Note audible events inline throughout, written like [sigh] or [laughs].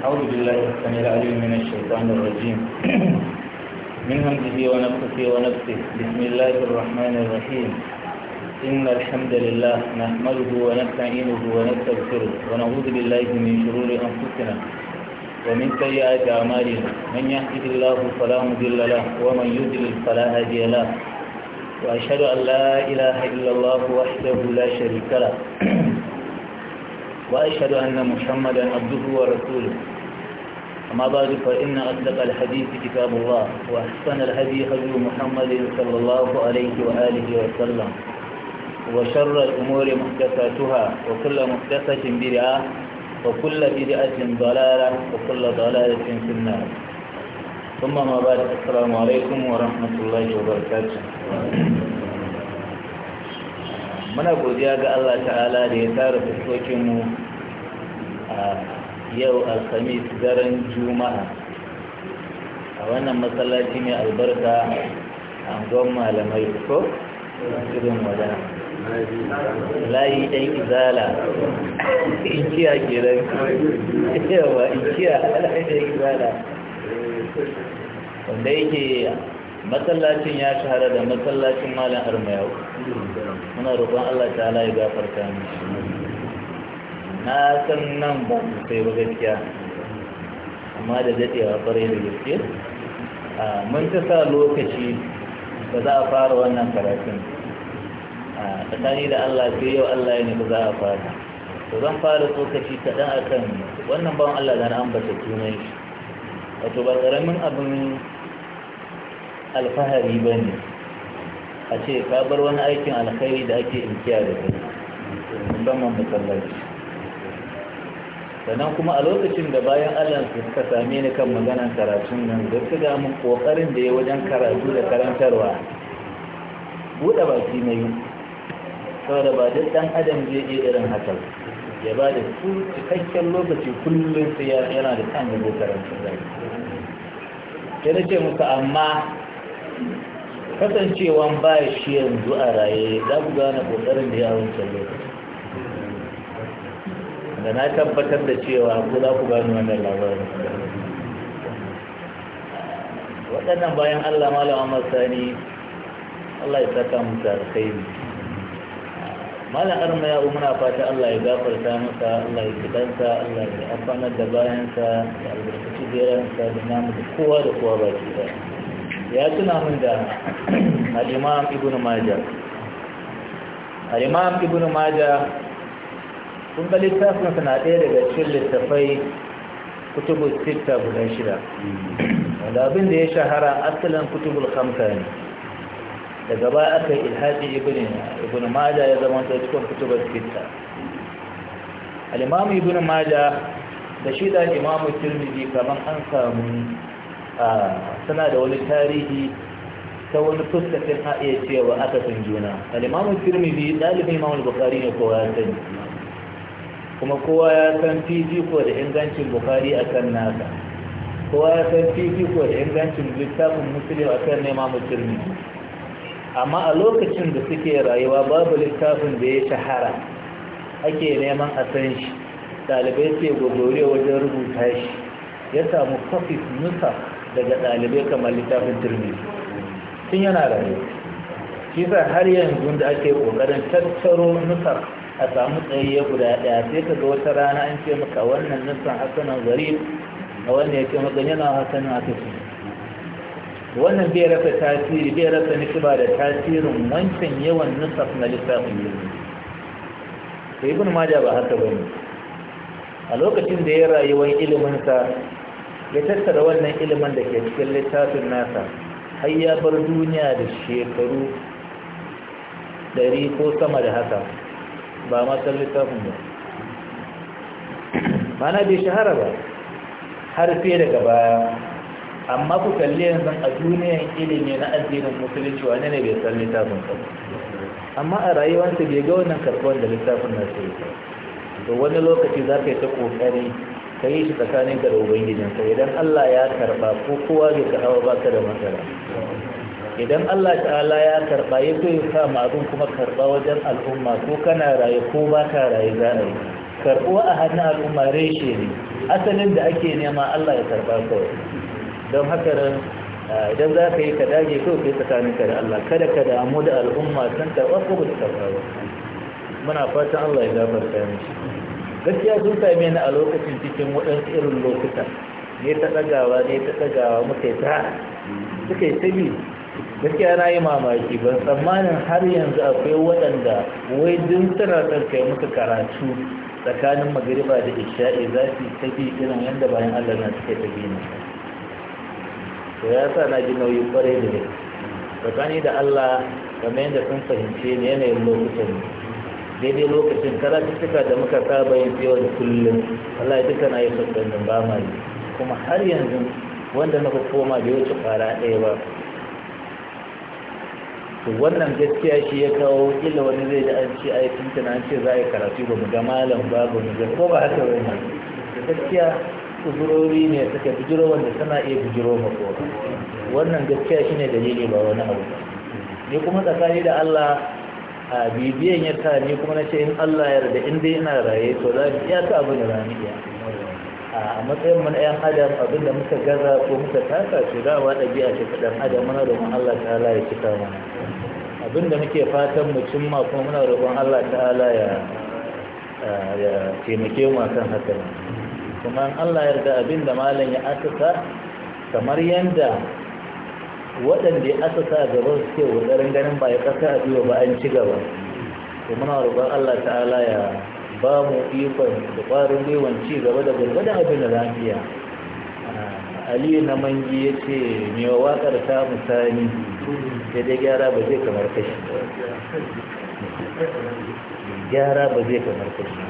أعوذ بالله السميع العليم من الشيطان الرجيم من همزه ونفسه ونفسه بسم الله الرحمن الرحيم إن الحمد لله نحمده ونستعينه ونستغفره ونعوذ بالله من شرور أنفسنا ومن سيئات أعمالنا من يهده الله فلا مضل له ومن يضلل فلا هادي له وأشهد أن لا إله إلا الله وحده لا شريك له وأشهد أن محمدا عبده ورسوله أما بعد فإن أصدق الحديث كتاب الله وأحسن الهدي هدي محمد صلى الله عليه وآله وسلم وشر الأمور محدثاتها وكل محدثة بدعة وكل بدعة ضلالة وكل ضلالة في النار ثم ما بعد السلام عليكم ورحمة الله وبركاته muna godiya ga Allah ta'ala da ya tara fuskokinmu a yau alhamis daren juma'a a wannan matsalaci mai albarka a angon malamai ko cikin wadana layi ɗan izala ikiya ke ran yawa ikiya alaƙa ɗan izala wanda yake masallacin ya shahara da masallacin malin armayau muna roƙon Allah ta ala ya gafarta mu na san nan ba su sai ba gaskiya amma da a ƙwarai da gaske mun ta sa lokaci ba za a fara wannan karatun a tsakani da Allah sai yau Allah ya ba za a fara to zan fara tsokaci kaɗan kan wannan bawan Allah da na ambata tunai shi wato ba ƙaramin abin alfahari ba ne a ce ka wani aikin alkhairi da ake inkiya da kai musamman masallaci sannan kuma a lokacin da bayan allah suka same ni kan maganan karatun nan da su ga mun kokarin da ya wajen karatu da karantarwa buɗe baki na yi saboda ba duk ɗan adam zai iya irin hakan ya ba da su cikakken lokaci kullum sai yana da kan yabo karatun zai ya ce muka amma kasancewan ba shi yanzu a raye za ku gane ƙoƙarin da ya wancan lokaci da na tabbatar da cewa ko za ku gane wannan labarin waɗannan bayan allah malama masani allah ya saka kai ne malam arma ya umuna fata allah ya gafarta masa allah ya kidansa allah ya amfanar da bayansa da albarkaci jeransa da namu da kowa da kowa baki daya yaitu tuna min da al'imam ibn al-Imam ibn maja kun ga littafinsa na ɗaya daga cikin littafai kutubu sita guda shida wanda abin da ya shahara asalin kutubul khamsa ne daga ba aka ilhaji ibn ibn maja ya zama ta cikin kutubul al-Imam ibn Majah da shi da imamu tirmidhi kaman an samu suna da wani tarihi ta wani fuskacin a iya cewa aka san juna al'imamun firmini dalibin imamul bukari ne kowa ya sani kuma kowa ya san Fifi ko da ingancin bukari a kan nasa kowa ya san Fifi ko da ingancin littafin musulun a kan nema musulmi amma a lokacin da suke rayuwa babu littafin da ya shahara ake neman a san shi ɗalibai sai gogore wajen rubuta shi ya samu kofis nusa daga ɗalibai kamar littafin turmi sun yana rayu shi sa har yanzu da ake ƙoƙarin tattaro nusar a samu tsayayya guda ɗaya sai ka ga wata rana an ce maka wannan nusar hasanan zari a wannan ya ce maka yana hasanan ce wannan bai rasa tasiri bai rasa nishiba da tasirin wancan yawan nusar na lissafin yanzu ibn maja ba haka bane a lokacin da ya rayuwar iliminsa ya tattara wannan ilimin da ke cikin littafin nasa har ya bar duniya da shekaru ɗari ko sama da haka ba matan littafin ba mana bai shahara ba har fiye daga baya amma ku kalli yanzu a duniyan ilimi na addinin musulunci wane ne bai san littafin ba amma a rayuwarsa bai ga wannan karɓar da littafin na sai wani lokaci za ka yi ta ƙoƙari ka yi shi tsakaninka da ubangijinka idan Allah ya karba ko kowa zai ka hawa baka da matsala idan Allah ta'ala ya karba ya kai ka abin kuma karba wajen al'umma ko kana raye ko ka raye za a yi karbuwa a hannun al'umma reshe ne asalin da ake nema Allah ya karba kawai don haka idan za ka yi ka dage kawai tsakanin ka da Allah kada ka damu da al'umma sun karba ko ba ta karba ba muna fatan Allah ya gafarta mishi gaskiya sun same ni a lokacin cikin waɗansu irin lokuta ne ta ɗagawa ne ta ɗagawa muka yi ta suka yi tabi gaskiya na yi mamaki ban tsammanin har yanzu akwai waɗanda wai dun suna son kai muka karatu tsakanin magariba da isha'i za su yi tabi irin yadda bayan allah na suke tabi ne to ya sa na ji nauyin kwarai da ne tsakani da allah kamar yadda sun fahimce ne yanayin lokutan ne daidai lokacin cika da muka saba yin fiye da kullum ya duka na yi sassanin ba ma yi kuma har yanzu wanda na koma bai wuce fara ɗaya ba to wannan gaskiya shi ya kawo illa wani zai da an ce a yi tuntun an ce za a yi karatu ba mu ga malam ba ba mu ga ko ba haka bai ma da gaskiya kuzurori ne suka bijiro wanda suna iya bijiro kowa wannan gaskiya shine dalili ba wani abu ne kuma tsakani da Allah abibiyan ya ta ni kuma na ce in Allah ya yarda in dai raye to za ki ta abin da za iya a matsayin mun ɗayan adam abin muka gaza ko muka tasa ce za a ɗabi'a ce ta ɗan adam muna roƙon Allah ta'ala ya cika mana abin muke fatan mu cimma kuma muna roƙon Allah ta'ala ya ya taimake mu akan haka kuma Allah yarda abinda da malam ya asusa kamar yanda waɗanda ya sa gaban suke wadarin ganin ba ya ƙasa a biyu ba an ci gaba to muna roƙon Allah ta'ala ya ba mu ikon da ƙwarin gwiwan ci gaba da gwargwadon abin da za mu iya ah, aliyu na mangi ya ce mai waƙar ta musani sai dai gyara ba zai kamar kashi gyara ba zai kamar kashi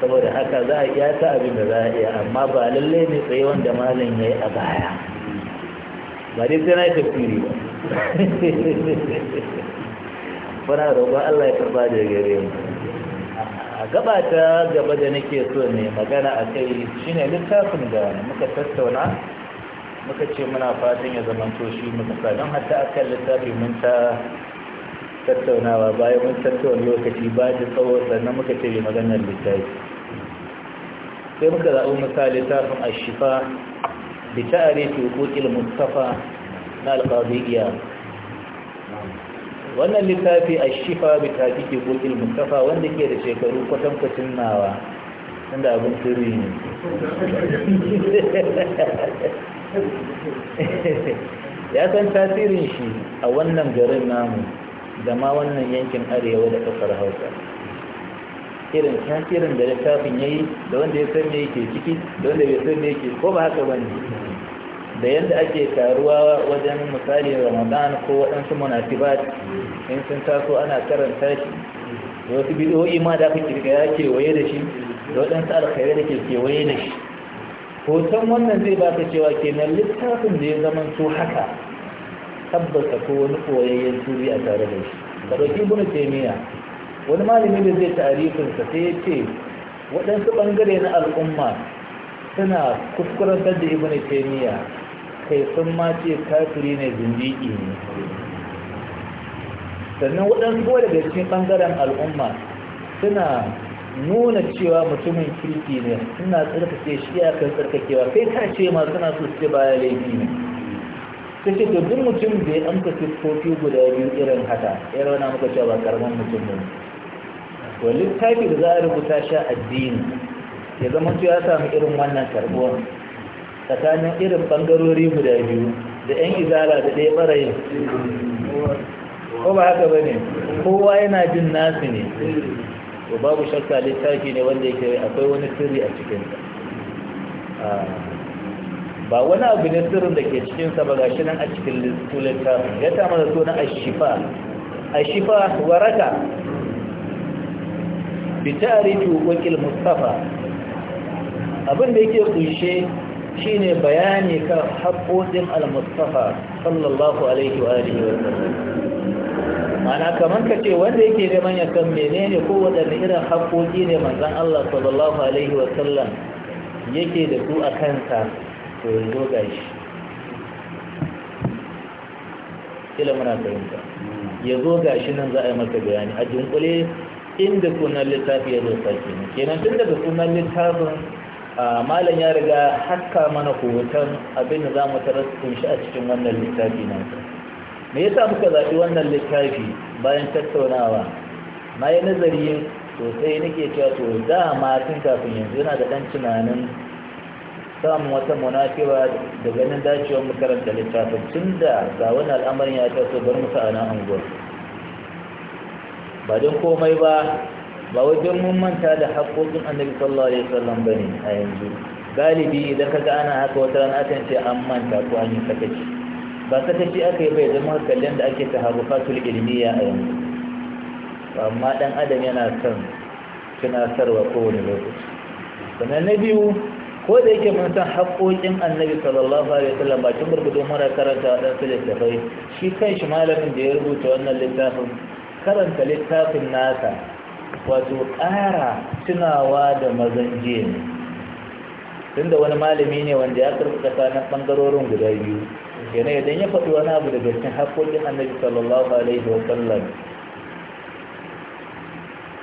saboda haka za a iya ta abin da za a iya amma ba lallai ne tsaye wanda malam ya yi a baya ba dai sai na yi tafiri ba fara roƙon Allah ya karba da gare mu a gaba ta gaba da nake so ne magana a kai shine littafin da muka tattauna muka ce muna fatan ya zama toshi muka sa don a kan littafin mun ta tattaunawa bayan mun tattauna lokaci ba da tsawo sannan muka ce maganar littafi sai muka zaɓi misali littafin a shifa بتعريف حقوق المصطفى القاضي wannan littafi a shifa bi tafi ke mustafa wanda ke da shekaru kwatankwacin nawa inda abin turi ne ya san tasirin shi a wannan garin namu da ma wannan yankin arewa da kasar hausa irin tasirin da littafin ya yi da wanda ya san me yake ciki da wanda bai san me yake ko ba haka bane da yadda ake taruwa wajen misali ramadan ko waɗansu munafibat in sun taso ana karanta shi da wasu bidiyoyi ma da aka ya kewaye da shi da waɗansu alkhairai da ke kewaye da shi hoton wannan zai baka cewa kenan littafin da ya zama su haka tabbata ko wani koyayyen turi a tare da shi ka ɗauki bunu kemiya wani malami da zai sa sai ya ce waɗansu ɓangare na al'umma suna kuskurantar da ibn taimiyya kai sun ma ce kafiri ne zindiƙi ne sannan waɗansu kuma daga cikin ɓangaren al'umma suna nuna cewa mutumin kirki ne suna tsarkake shi a kan tsarkakewa kai ka ce ma suna so baya laifi ne ta ce to duk mutum da ya amsa siffofi guda biyu irin haka ya rauna muka cewa ba karamin mutum ne to littafi da za a rubuta shi addini ya zama ya samu irin wannan karbuwa tsakanin irin bangarori guda biyu da yan izara da ɗaya ɓarayin ko ba haka ba ne kowa yana jin nasu ne Ba babu shakka littafi ne wanda yake akwai wani sirri a cikinsa ba wani abu ne sirrin da ke cikinsa ba gashi nan a cikin littafin ya ta mana sunan ashifa ashifa waraka bitariju wakil mustafa abin da yake kunshe shine bayani kan haƙoƙin al-mustafa sallallahu alaihi wa alihi wa sallam ana kaman ka ce wanda yake neman ya san menene ko wadanne irin haƙoƙi ne manzon Allah sallallahu alaihi wa sallam yake da su a kansa to yanzu gashi ila muna fahimta yazo gashi nan za a yi maka bayani a dunkule inda sunan littafi ya zo sake ne kenan tun daga sunan littafin malam ya riga haka mana hoton abin da za mu tara kunshi a cikin wannan littafi nan me yasa muka zaɓi wannan littafi bayan tattaunawa na yi nazari sosai nake cewa to dama tun kafin yanzu yana da ɗan tunanin samun wata munafiwa da ganin dacewar makarantar littafin tun da ga wani al'amarin ya taso bar musu a nan unguwar ba don komai ba ba wajen mun manta da haƙoƙin annabi sallallahu alaihi wasallam bane a yanzu galibi idan kaga ana haka wata rana akan ce an manta ko an yi sakaci ba sakaci aka yi bai zama kallon da ake ta taharufatul ilmiya a yanzu amma ɗan adam yana son tunatarwa kowane lokaci sannan na biyu ko da yake mun san haƙoƙin annabi sallallahu alaihi wasallam bakin burbudo mara karanta waɗansu littafai shi kan shi malamin da ya rubuta wannan littafin karanta littafin nasa wato ƙara tunawa da mazan jiya ne tunda wani malami ne wanda ya karbi tsakanin ɓangarorin guda biyu yana idan ya faɗi wani abu daga cikin haƙoƙin annabi sallallahu alaihi wa sallam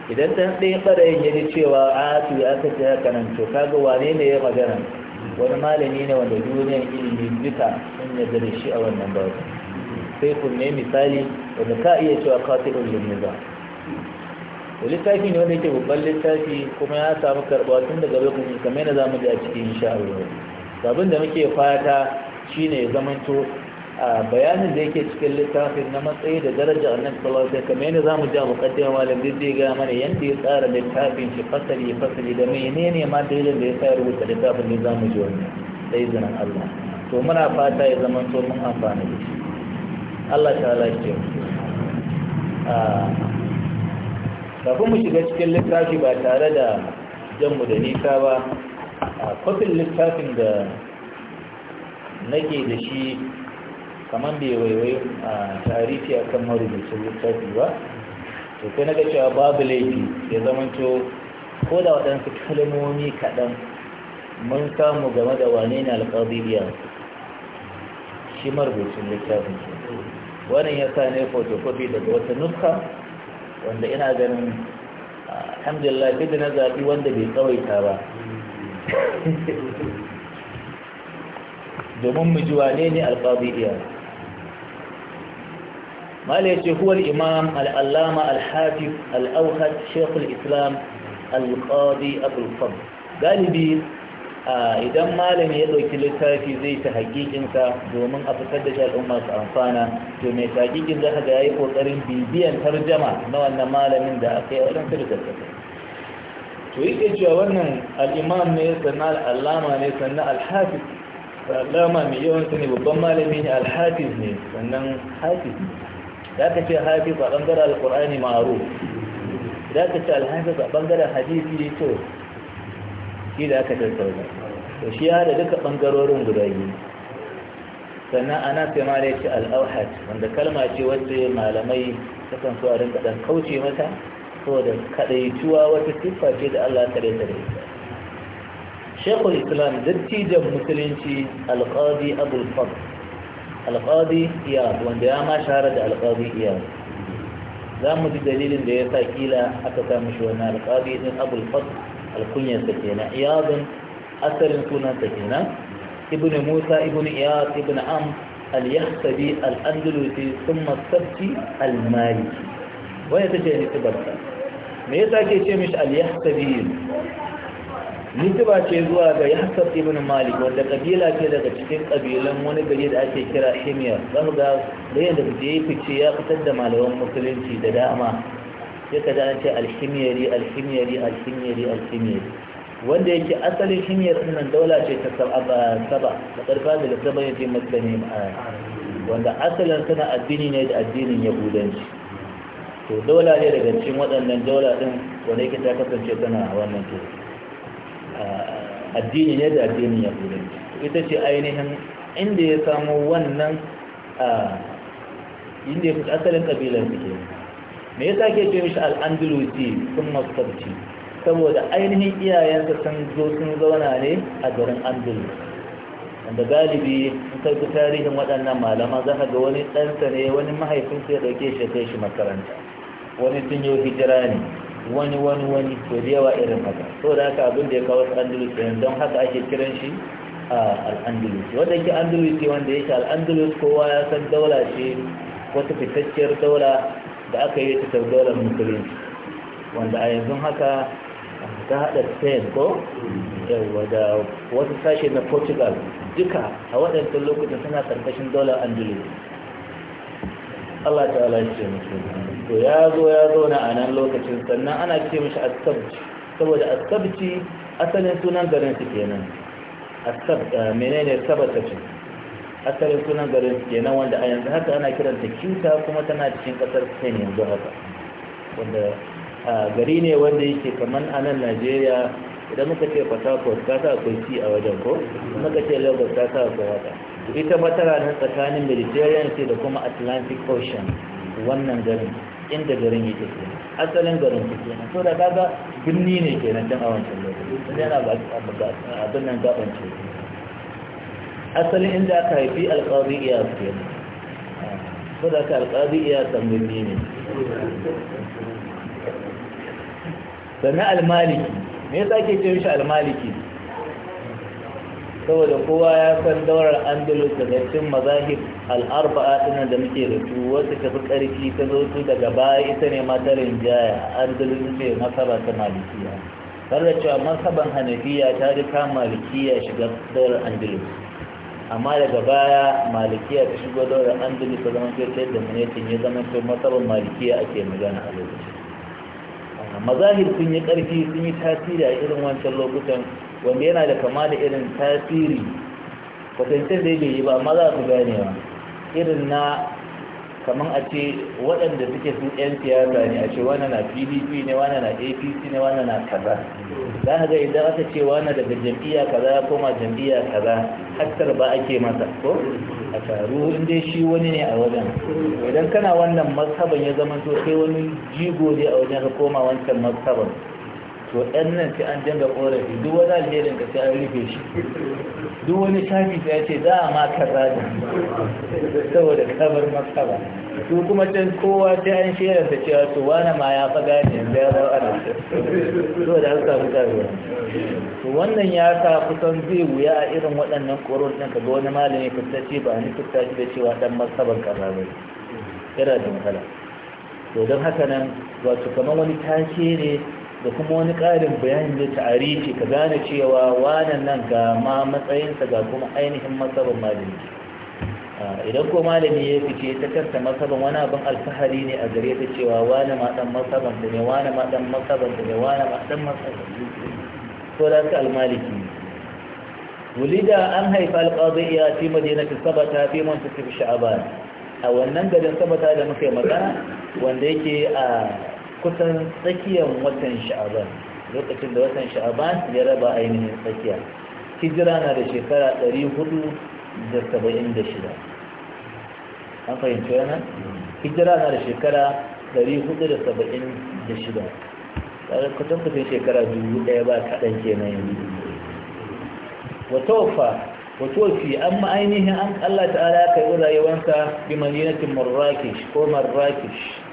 idan ɗan ɗaya ɓarayin ya ji cewa a su ya aka ce haka nan to kaga wane ne ya magana wani malami ne wanda duniyar ilimin duka sun yadda da shi a wannan babu ku ne misali wanda ka iya cewa katilun ba da littafi ne wanda yake babban littafi kuma ya samu karɓa tun daga lokacin kamar yadda mu ji a cikin insha Allah abin da muke fata shine ya to a bayanin da yake cikin littafin na matsayi da daraja annabi sallallahu alaihi wasallam kamar yadda mu ji a muqaddimar malam zai ga mana yanda ya tsara littafin shi fasali fasali da menene ma dalilin da ya sa rubuta littafin da mu ji wannan sai zanen Allah to muna fata ya to mun amfana da shi Allah ta halaye ah, kafin mu shiga cikin littafi ba tare da janmu da nisa ba a ah, kwafin littafin da nake da shi kamar bai waiwai a ah, tarihi a kan marubucin littafi ba to kai na cewa babu laifi ya zamanto ko da waɗansu kalmomi kaɗan mun samu game da wane ne alƙadiriya shi marubucin littafin wannan ya sa ne fotokofi daga wata nuska wanda ina ganin alhamdulillah duk da na zaɓi wanda bai tsawaita ba domin mu ji wane ne alƙadiriya mala ya ce huwar imam al'allama al-hafiz al-auhat shekul islam al-qadi abulfam galibi idan malami ya ɗauki littafi zai ta haƙiƙinsa domin a fitar da shi al'umma su amfana to mai ta haƙiƙin za ka ga ya yi ƙoƙarin bibiyan tarjama na wannan malamin da aka yi a wajen kirkirkirkir to yake cewa wannan al'imam ne sannan al'allama ne sannan alhafiz al'allama mai yawan ne babban malami ne alhafiz ne sannan hafiz Za ka ce hafiz a ɓangaren Alƙur'ani maro? Za ka ce alhafiz a ɓangaren hadisi to shi da aka tattauna to shi ya da duka ɓangarorin guda biyu sannan ana sai ma da yake al'auhat wanda kalma ce wacce malamai sukan so a rinka ɗan kauce mata saboda kaɗaituwa wata siffa ce da Allah ta daita da ita shekul islam dattijan musulunci alƙadi abul fad alƙadi iyad wanda ya ma shahara da alƙadi iyad za mu ji dalilin da ya sa kila aka sa mishi wannan alƙadi din abul fad alkunyansa kenan iyadun asalin sunansa kenan ibn musa ibn iyad ibn am al-yahsabi al-andalusi Sun sabti al-maliki waya tace nisbarsa me yasa ke ce mishi al-yahsabi nisba ce zuwa ga yahsab ibn malik wanda kabila ce daga cikin kabilan wani gari da ake kira himyar zaka ga da yanda da ya fice ya fitar da malaman musulunci da dama sai ka an ce alhimiyari alhimiyari alhimiyari alhimiyari wanda yake asalin himiyar nan daula ce ta saba da karfa da lissaba ya ce maskani wanda asalin suna addini ne da addinin yahudanci to daula ne daga cikin waɗannan daula ɗin wanda yake ta kasance tana wannan to addini ne da addinin yahudanci ita ce ainihin inda ya samu wannan inda ya fi asalin ƙabilar su ke me yasa ke ce mishi al-andalusi sun masabci saboda ainihin iyayensa sun zo sun zauna ne a garin andalus wanda galibi sun karbi tarihin waɗannan malama za ka ga wani ɗansa ne wani mahaifinsa ya ɗauke shi kai shi makaranta wani sun yi hijira ne wani wani wani to da yawa irin haka so da haka abin da ya kawo andalus ɗin don haka ake kiran shi al-andalus wanda ke andalus wanda yake al-andalus kowa ya san daula ce wata fitacciyar daula da aka yi ta daular musulunci wanda a yanzu haka ta haɗa spain ko yawa da wasu sashe na portugal duka a waɗansu lokutan suna ƙarƙashin dolar andalus allah ta Ya ce musu to ya zo ya zauna a nan lokacin sannan ana ce mashi asabci saboda asabci asalin sunan garin su kenan asab eh, menene sabata ce asalin sunan garin kenan wanda a yanzu haka ana kiranta kyuta kuma tana cikin kasar spain yanzu haka wanda gari ne wanda yake kamar a nan najeriya idan muka ce port harcourt ta sa akwai ci a wajen ko muka ce lagos ta sa akwai haka ita matara nan tsakanin mediterranean sea da kuma atlantic ocean wannan garin inda garin yake ke asalin garin su ke nan so da kaga birni ne ke nan can a wancan lokaci yana ba abin nan gaban ce asalin inda aka haifi alƙazi iya ke ko da ka alƙazi iya tambayi ne sannan almaliki me yasa ke ce shi almaliki saboda kowa ya san daular andalus daga cikin mazahib al'arba'a ɗin da muke da su wacce ta ƙarfi ta zo su daga baya ita ne matarin jaya andalus ce masaba ta malikiya har da cewa masaban hanafiya ta rika malikiya shiga daular andalus amma daga baya malikiya ta shigo da wadda an dubi ta zama ta yadda munetin ya zama ta matsalar malikiya ake magana a lokacin mazahir sun yi ƙarfi sun yi tasiri a irin wancan lokutan wanda yana da kama da irin tasiri kwatance da bai yi ba maza za gane ba irin na kamar a ce waɗanda suke su 'yan siyasa ne a ce wani na pdp ne wani na apc ne wani na kaza za a ga idan aka ce wani daga jam'iyya kaza ya koma jam'iyya kaza hattar ba ake masa ko a taru inda shi wani ne a wajen idan kana wannan mazhaban ya zama to sai wani jigo ne a wajen ka koma wancan mazhaban to ɗan nan sai an dinga ƙorafi duk wani alherin ka sai an rufe shi duk wani shafi sai ya ce za ma maka zaɗi saboda kabar maka ba su kuma can kowa sai an shera ta cewa to wani ma ya fa gane yanzu ya zama ana so da an samu karuwa to wannan ya sa kusan zai wuya a irin waɗannan koron ɗin ka ga wani malami fitace ba ni fitace da cewa ɗan masaban kaza ba yana da matsala to don haka nan wato kamar wani tashe ne da kuma wani ƙarin bayanin da tarihi ka gane cewa wanan nan ga ma matsayinsa ga kuma ainihin matsaban malami idan ko malami ya fice ta kasta masaban wani abin alfahari ne a gare ta cewa wani ma dan masaban da ne wani ma dan masaban da ne wani ma dan masaban to da ka almaliki wulida an haifa alqadi ya fi madinatu sabata fi muntasib sha'ban a wannan garin sabata da muke magana wanda yake a kusan tsakiyar watan sha'aban lokacin da watan sha'aban ya raba ainihin tsakiya hijira na da shekara ɗari hudu da saba'in da shida an fahimci wannan hijira na da shekara ɗari hudu da saba'in da shida tsarin kusan kusan shekara dubu ɗaya ba kaɗan kenan yanzu wata an Allah ta'ala ya kai wurare wanka bi madinatin marrakesh ko marrakesh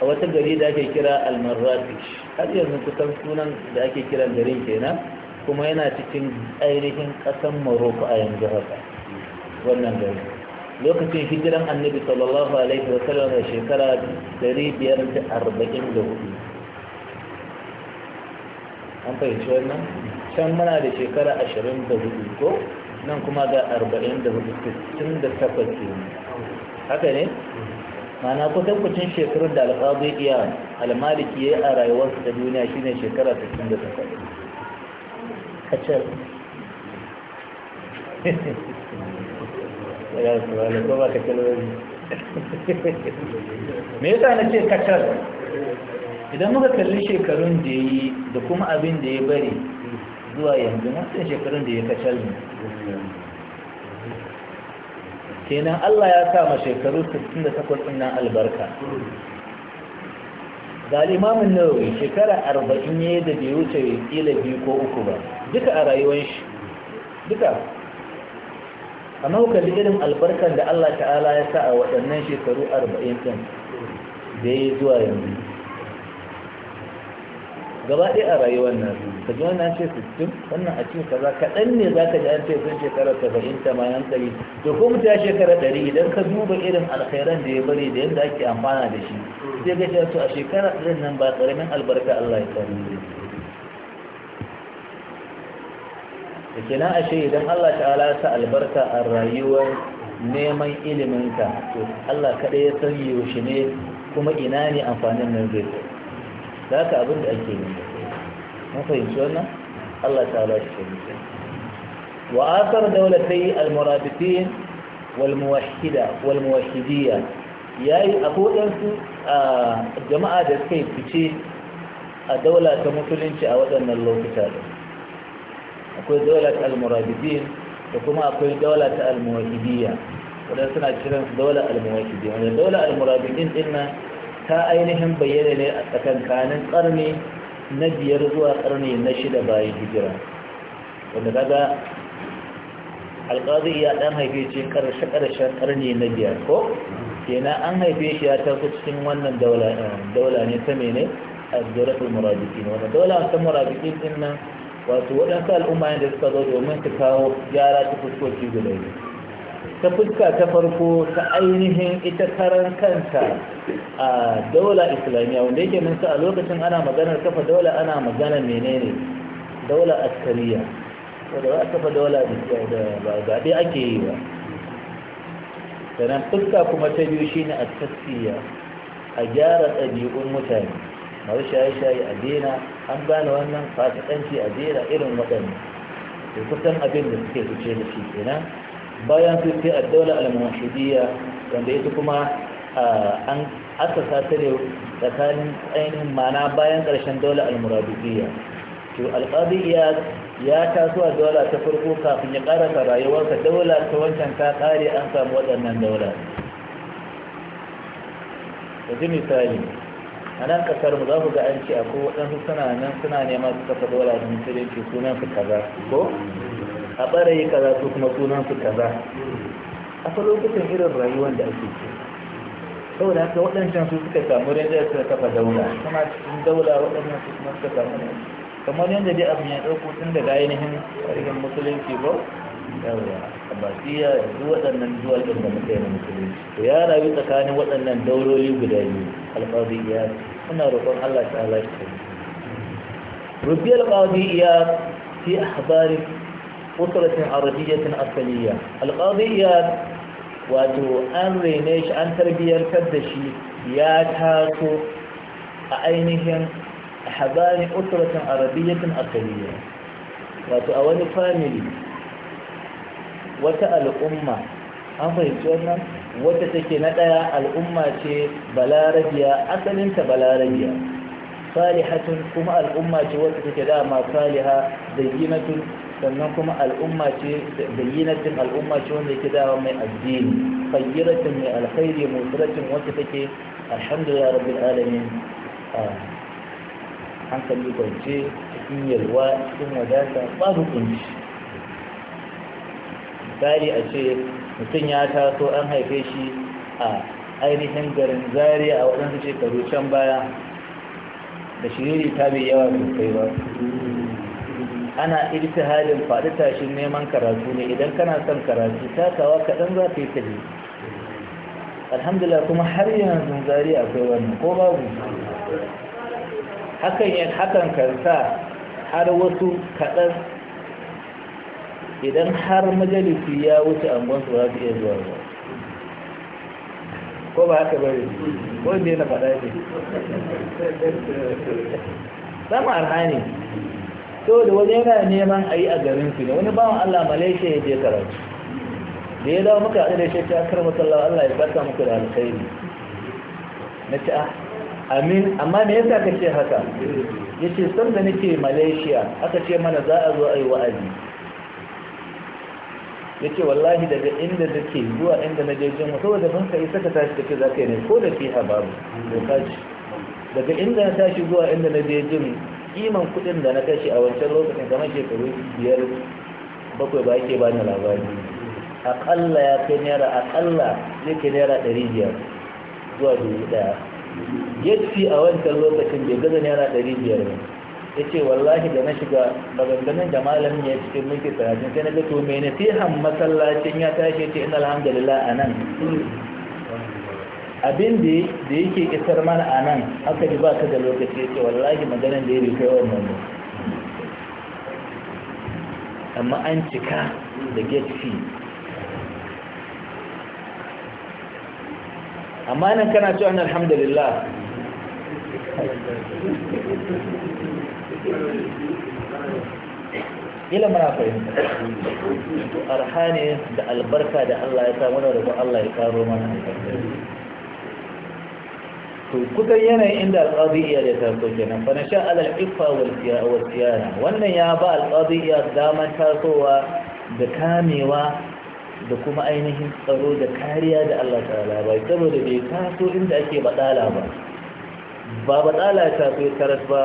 a wata gari da ake kira almarrafish har yanzu kusan sunan da ake kira garin kenan kuma yana cikin ainihin kasan maroko a yanzu haka wannan gari lokacin hijiran annabi sallallahu alaihi wasallam da shekara 544 an fahimci wannan can muna da shekara 24 ko nan kuma ga 44 68 haka ne mana kwatankwacin shekarun da alƙazi iya almaliki ya yi a rayuwarsa ta duniya shine shekara 68 kacar [laughs] ya su ko ba ka [laughs] me yasa na ce kacar idan muka kalli shekarun da ya yi da kuma abin da ya bari zuwa yanzu masu shekarun da ya kacal ne kenan Allah ya sa ma shekaru 68 din nan albarka ga limamin nawawi shekara 40 ne da bai wuce kila biyu ko uku ba duka a rayuwar shi duka amma kuka da irin albarkan da Allah ta'ala ya sa a waɗannan shekaru 40 din da ya zuwa yanzu gaba ɗaya a rayuwar nan ka ji wannan ce 60 wannan a cikin kaza kaɗan ne za ka ji an ce sun shekarar 70 yan ɗari to kuma ta ya shekara ɗari idan ka duba irin alkhairan da ya bari da yadda ake amfana da shi sai ga cewa to a shekara ɗarin nan ba ƙaramin albarka Allah ya kare ne da ke nan ashe idan Allah ta'ala ya sa albarka a rayuwar neman iliminka to Allah kaɗai ya san yaushe ne kuma ina ne amfanin nan zai kai da haka abin da ake yi mun fahimci wannan Allah ta ta'ala shi ke nufi wa asar daulatai almurabitin walmuwahida walmuwahidiyya yayi akwai ɗansu a jama'a da suka yi fice a daula ta musulunci a waɗannan lokuta da akwai daula ta almurabidin da kuma akwai daula ta almuwahidiyya wadanda suna kiransu su daula almuwahidiyya wanda daula almurabidin din nan ta ainihin bayyana ne a tsakankanin ƙarni na biyar zuwa ƙarni na shida bayan hijira wanda daga alƙazi ya ɗan haife ce ƙarshe-ƙarshen ƙarni na biyar ko kenan an haife shi ya tafi cikin wannan eh, daula ne ta mene a daulatul murabiki wanda daula ta murabiki din nan wato waɗansu al'umma da suka zo domin su kawo gyara ta fuskoki guda biyu ta fuska ta farko ta ainihin ita karan kanta a daula islamiyya wanda yake mun a lokacin ana maganar kafa daula ana magana menene daula askariya wanda ba kafa daula da ba zaɓe ake yi ba sannan fuska kuma ta biyu shine a tasfiya a gyara ɗabi'un mutane masu shaye-shaye a dena an gane wannan fasikanci a dena irin waɗannan da kusan abin da suke fice da shi kenan bayan su sai a daular al-muhammadiyya wanda ita kuma an asasa ta ne tsakanin ainihin mana bayan ƙarshen daular al-muradiyya to al-qadiyya ya taso a daular ta farko kafin ya karasa rayuwarsa daular ta wancan ta kare an samu waɗannan daular yanzu misali a nan kasar mu za ku ga an ce akwai waɗansu suna nan suna neman su kafa daula da musulunci sunan su kaza ko a ɓarayi kaza su kuma sunansu kaza a fa lokacin irin rayuwar da ake ce saboda haka waɗancan su suka samu rinjar suka kafa daula kuma cikin daula waɗannan su kuma suka samu kamar yadda dai abu ya ɗauko tun daga ainihin tarihin musulunci ba yawa abbasiya da duk waɗannan duwatsun da muka yi na musulunci to ya rayu tsakanin waɗannan dauroli guda biyu iya suna roƙon Allah ta Allah shi rubiyar iya fi ahbari أسرة عربية أصلية an rene shi an tarbiyyarkar da shi ya taso ainihin habarin usratin arabiyyatin akaliya wato a wani wata al'umma wata take na ɗaya al'umma ce balarabiya asalinta balarabiya salihatun kuma al'umma ce wata take dama saliha da sannan kuma al'umma ce bayyinatin al'umma ce wanda yake dawa mai addini fayyiratin mai alkhairi musulatin wacce take alhamdulillah rabbil alamin hankali kwance cikin yalwa cikin wadata babu kunci misali a ce mutum ya taso an haife shi a ainihin garin zaria a waɗansu shekaru can baya da shiriri ta bai yawa sosai ba ana ijtihadin faɗi tashin neman karatu ne idan kana son karatu takawa kaɗan za ta yi ta alhamdulillah kuma har yanzu zari akwai wannan ko babu hakan yin hakan kansa har wasu kaɗan idan har majalisi ya wuce angonsu za su iya zuwa ba ko ba haka bari ko inda yana faɗa ne sama arhani saboda wani yana neman a yi a garin su ne wani bawan Allah malaysia ya je karatu da ya dawo muka da shi ta karma sallawa Allah ya barka muku da alkhairi na ci a ah, amin amma me yasa ka ce haka ya ce sanda nake malaysia aka ce mana za a zo a yi wa'azi ya ce wallahi daga inda da ke zuwa inda na jejjen mu saboda ban ka yi saka tashi ke za ka yi ne ko da fi ha babu daga inda na tashi zuwa inda na jejjen kiman kuɗin da na kashe a wancan lokacin kamar shekaru biyar bakwai ba yake bani labari aƙalla ya kai naira aƙalla zai kai naira ɗari biyar zuwa dubu ɗaya yadda a wancan lokacin bai gaza naira ɗari biyar ne ya ce wallahi da na shiga maganganun da malamin ya cikin mulki talatin sai na ga to mai hamma sallacin ya tashi ya ce ina alhamdulillah a nan abin da yake isar mana a nan aka ji ba ka da lokaci ce wallahi maganar da ya rufe wa mummu amma an cika da gate fee amma nan kana ci wani alhamdulillah ila mara fahimta arhani da albarka da Allah ya samu da Allah ya karo mana albarka to yanayin inda iya da taso kenan fa na sha alal ifa wal siyana wannan ya ba iya damar tasowa da kamewa da kuma ainihin tsaro da kariya da Allah ta'ala ba saboda bai taso inda ake baɗala ba ba baɗala ya taso ya karas ba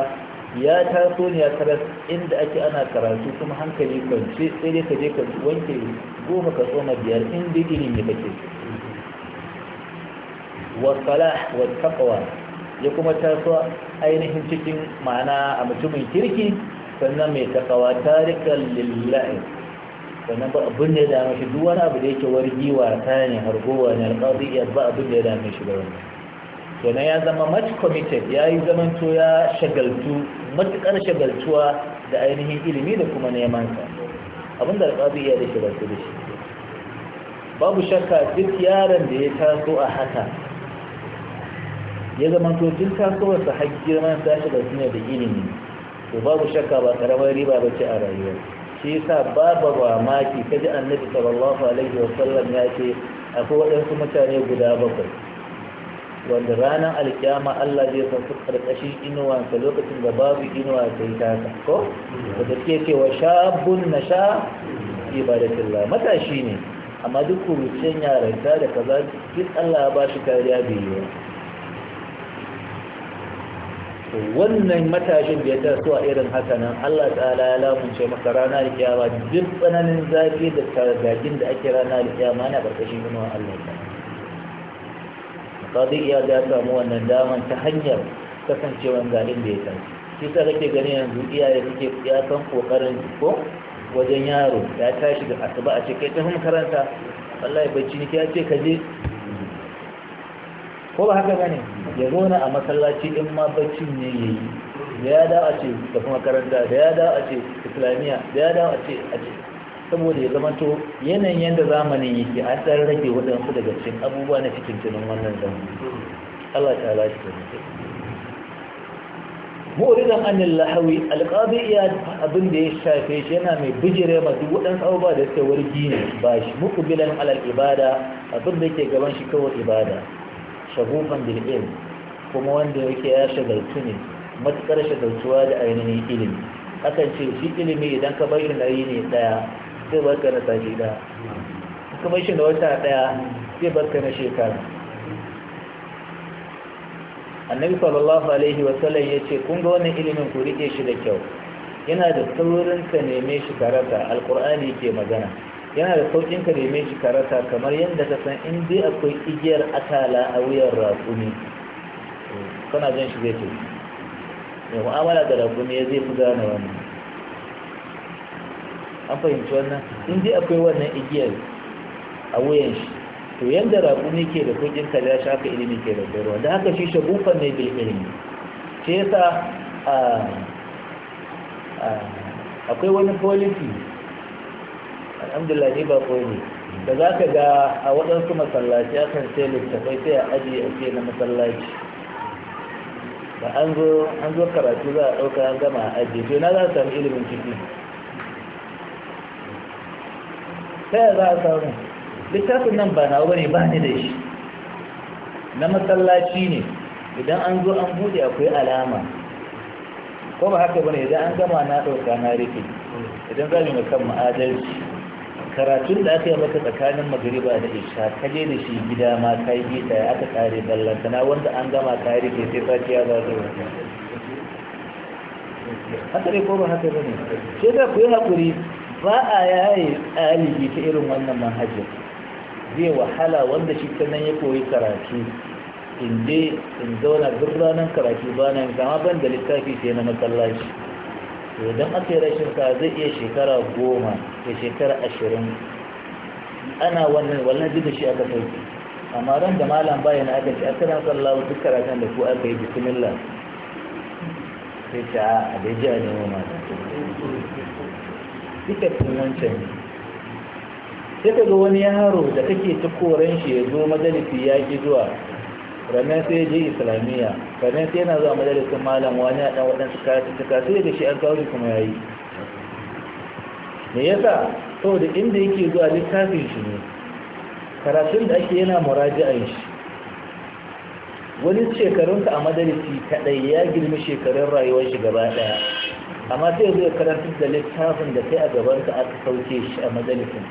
ya taso ne ya karas inda ake ana karatu kuma hankali kwance sai dai ka je ka wanke goma ka tsoma biyar inda ilimi kake والصلاح والتقوى يكما تاسوا ainihin cikin ma'ana a mutumin kirki sannan mai takawa tarikan lillahi sannan ba abin da ya dame shi duk wani abu da yake wargi wasa ne hargowa ne alƙawari ba abin da ya dame shi ba wani sannan ya zama much committed ya yi zamanto ya shagaltu matuƙar shagaltuwa da ainihin ilimi da kuma neman sa abin da alƙawari ya da shagaltu da shi babu shakka duk yaron da ya taso a haka ya zama to tun tasowarsa har girma ta shiga suna da ilimi to babu shakka ba karamar riba ba ce a rayuwa shi yasa babu mamaki ta ji annabi sallallahu alaihi wa sallam ya ce akwai waɗansu mutane guda bakwai wanda ranar alkiyama Allah zai san su karkashin inuwansa lokacin da babu inuwa sai ta ko da take cewa shabun sha ibadatillah matashi ne amma duk kurucin yarinta da kaza duk Allah ya ba shi kariya bai yi to wannan matashin da ya taso a irin haka nan Allah ta'ala ya lamunce masa rana da kiyama duk tsananin zafi da targagin da ake rana da kiyama na karkashin inuwa Allah ta kadi iya da samu wannan daman ta hanyar kasancewan galin da ya taso shi sa kake gani yanzu iyaye suke ya san kokarin ko wajen yaro ya tashi da asuba a cikin ta makaranta wallahi bacci ne ya ce ka ko ba haka bane ya zauna a masallaci in ma baccin ne ya yi da ya da a ce tafi makaranta da ya da a ce islamiyya da ya da a ce a saboda ya zama to yanayin yadda zamanin yake an tsara rage waɗansu daga cikin abubuwa na cikin tunan wannan zamani Allah ta lashe da mutum mu'ridan anil lahawi alqabi iya abin da ya shafe shi yana mai bijire ma duk wadan abubuwa da suke wargi ne ba shi bilan alal ibada abin da yake gaban shi kawai ibada shagufan bil kuma wanda yake ya shagaltu ne matuƙar shagaltuwa da ainihin ilimi akan ce shi ilimi idan ka bai shi yi ne ɗaya sai bar ka na sashi ɗaya kuma shi na wata ɗaya sai bar ka na shekara annabi sallallahu alaihi wa sallam ya ce kun ga wannan ilimin ku rike shi da kyau yana da saurin ka neme shi karata alqur'ani ke magana yana da saukin ka neme shi karata kamar yadda ka san in dai akwai igiyar akala a wuyan raƙumi kana jin shi zai ce mai mu'amala da rabu ne zai fi gane wani an fahimci wannan in dai akwai wannan igiyar a wuyan shi to yadda rakumi ke da kudin kada shi haka ilimi ke da koyarwa da haka shi shagufan ne bil ilimi shi yasa akwai wani policy alhamdulillah ni ba koyi da za ka ga a waɗansu masallaci akan sai littafai sai a ajiye a ke na masallaci da an zo an zo karatu za a ɗauka an gama a ajiye to na za a samu ilimin ciki ta yaya za a samu littafin nan ba na wani ba ni da shi na masallaci ne idan an zo an buɗe akwai alama ko ba haka bane idan an gama na ɗauka na rike idan za mu kan ma'adalci karatun da aka yi maka tsakanin magariba da isha ka je da shi gida ma ka yi gida ya aka kare ballantana wanda an gama ka yi rike sai sati ya ba zai wata haka ne ko ba haka ba ne sai ku haƙuri ba a yaye ɗalibi ta irin wannan manhajar zai wahala wanda shi ta nan ya koyi karatu in dai in zauna duk ranar karatu ba na yin kama ban da littafi sai na masallaci to idan aka yi rashin ka zai iya shekara goma da shekara ashirin ana wannan wannan duk da shi aka sauke amma ran da malam bayan aka ce aka ran sallahu duk karatun da ku aka yi bismillah sai ta a da ji a nemo mata duka tun wancan ne sai ka ga wani yaro da kake ta koren shi ya zo majalisi ya ki zuwa ranar sai je islamiyya ranar sai yana zuwa majalisun malam wani a ɗan waɗansu karatuttuka sai da shi an kawo kuma ya yi me yasa saboda inda yake zuwa littafin shi ne karatun da ake yana a shi wani shekarunka a madarisi kaɗai ya girmi shekarun rayuwar shi gaba ɗaya amma sai zai karanta da littafin da kai a gabanka aka sauke shi a madarisin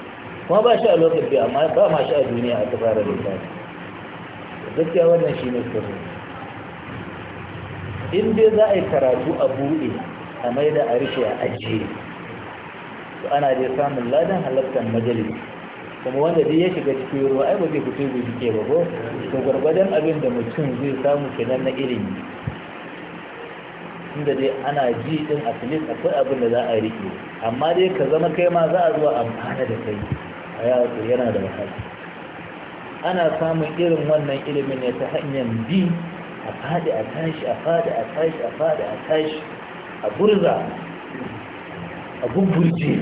kuma ba shi a lokaci amma ba ma shi a duniya a tafara littafin gaskiya wannan shi ne sirri in dai za a yi karatu a buɗe a mai da a rufe a ajiye to ana dai samun ladan halartar majalis kuma wanda dai ya shiga cikin ruwa ai ba zai fito bai fike ba ko to gwargwadon abin da mutum zai samu kenan na ilimi inda dai ana ji din a filin akwai abin da za a rike amma dai ka zama kai ma za a zuwa amfana da kai a yawon yana da wahala ana samun irin wannan ilimin ne ta hanyar bi a faɗi a tashi a faɗi a tashi a faɗi a tashi a burza a gugurce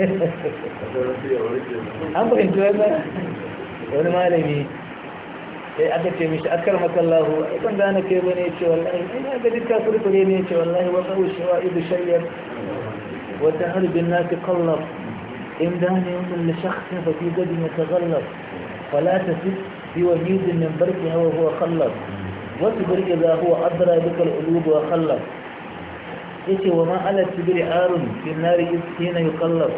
[laughs] an fahimci wata wani malami sai aka ce mishi akar makallahu ikon gane kai bane ya ce wallahi ina ga dukkan kurkure ne ya ce wallahi wata wucewa idu shayyar wata harbin nasi kallon إن دهن يوصل لشخص ففي جد يتغلط فلا تسد في بوجيد من بركها وهو خلط واصبر إذا هو أدرى بك القلوب وخلط إيش وما على السبيل عار في النار إذ حين يقلب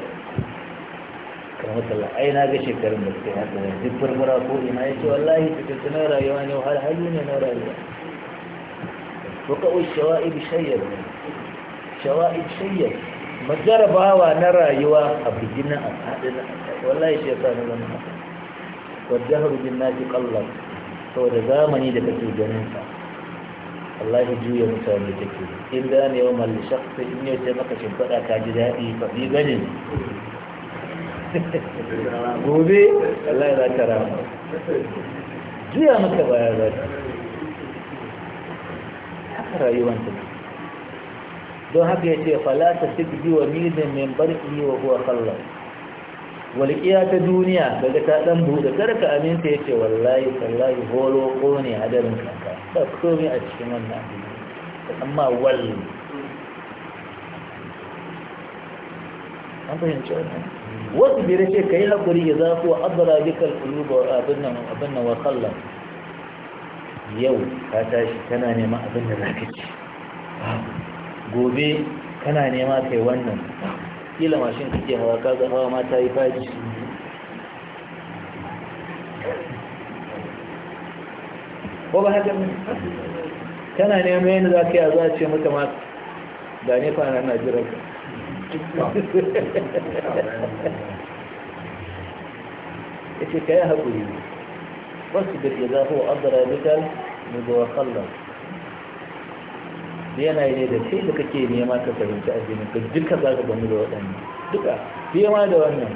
كما الله أي ناقة شيء من السيحة زبر براكولي ما يشي والله تكتنا رأيوان وهل هلين نور الله وقعوا الشوائب شيئا شوائب شيئا majarabawa na rayuwa a bijina a faɗin wallahi shi yasa na zama wadda harujin na ji kallon saboda zamani da kake ganin sa wallahi juya mutane da take in da ne yawan malli shakka in yau sai maka shimfiɗa ka ji daɗi faɗi ganin gobe wallahi za ka rama juya maka baya za ka haka rayuwar take don haka ya ce falata sik wa nizin mai barki wa huwa kallon walƙiya ta duniya daga ta ɗan buɗe karka aminta ya ce wallahi wallahi horo ko ne hadarin kanka ba komai a cikin wannan abin amma walli an fahimci wannan wasu bere ce ka yi haƙuri ya zafi wa abdara dukkan ƙuluba a abin nan wa kallon yau ka tashi tana neman abin da za ka ci gobe kana nema kai wannan kila mashin kake hawa ka ga hawa ma ta yi faji ko ba haka ne kana nema yadda za ka yi a za a ce maka ma da ne fara na jiran ka [laughs] ya ce ka yi haƙuri wasu da ke zafi wa abdara bikar ne da wa kallon yanayi ne da sai da kake nema ka fahimci addinin ka duka za ka gani da waɗannan duka fiye ma da wannan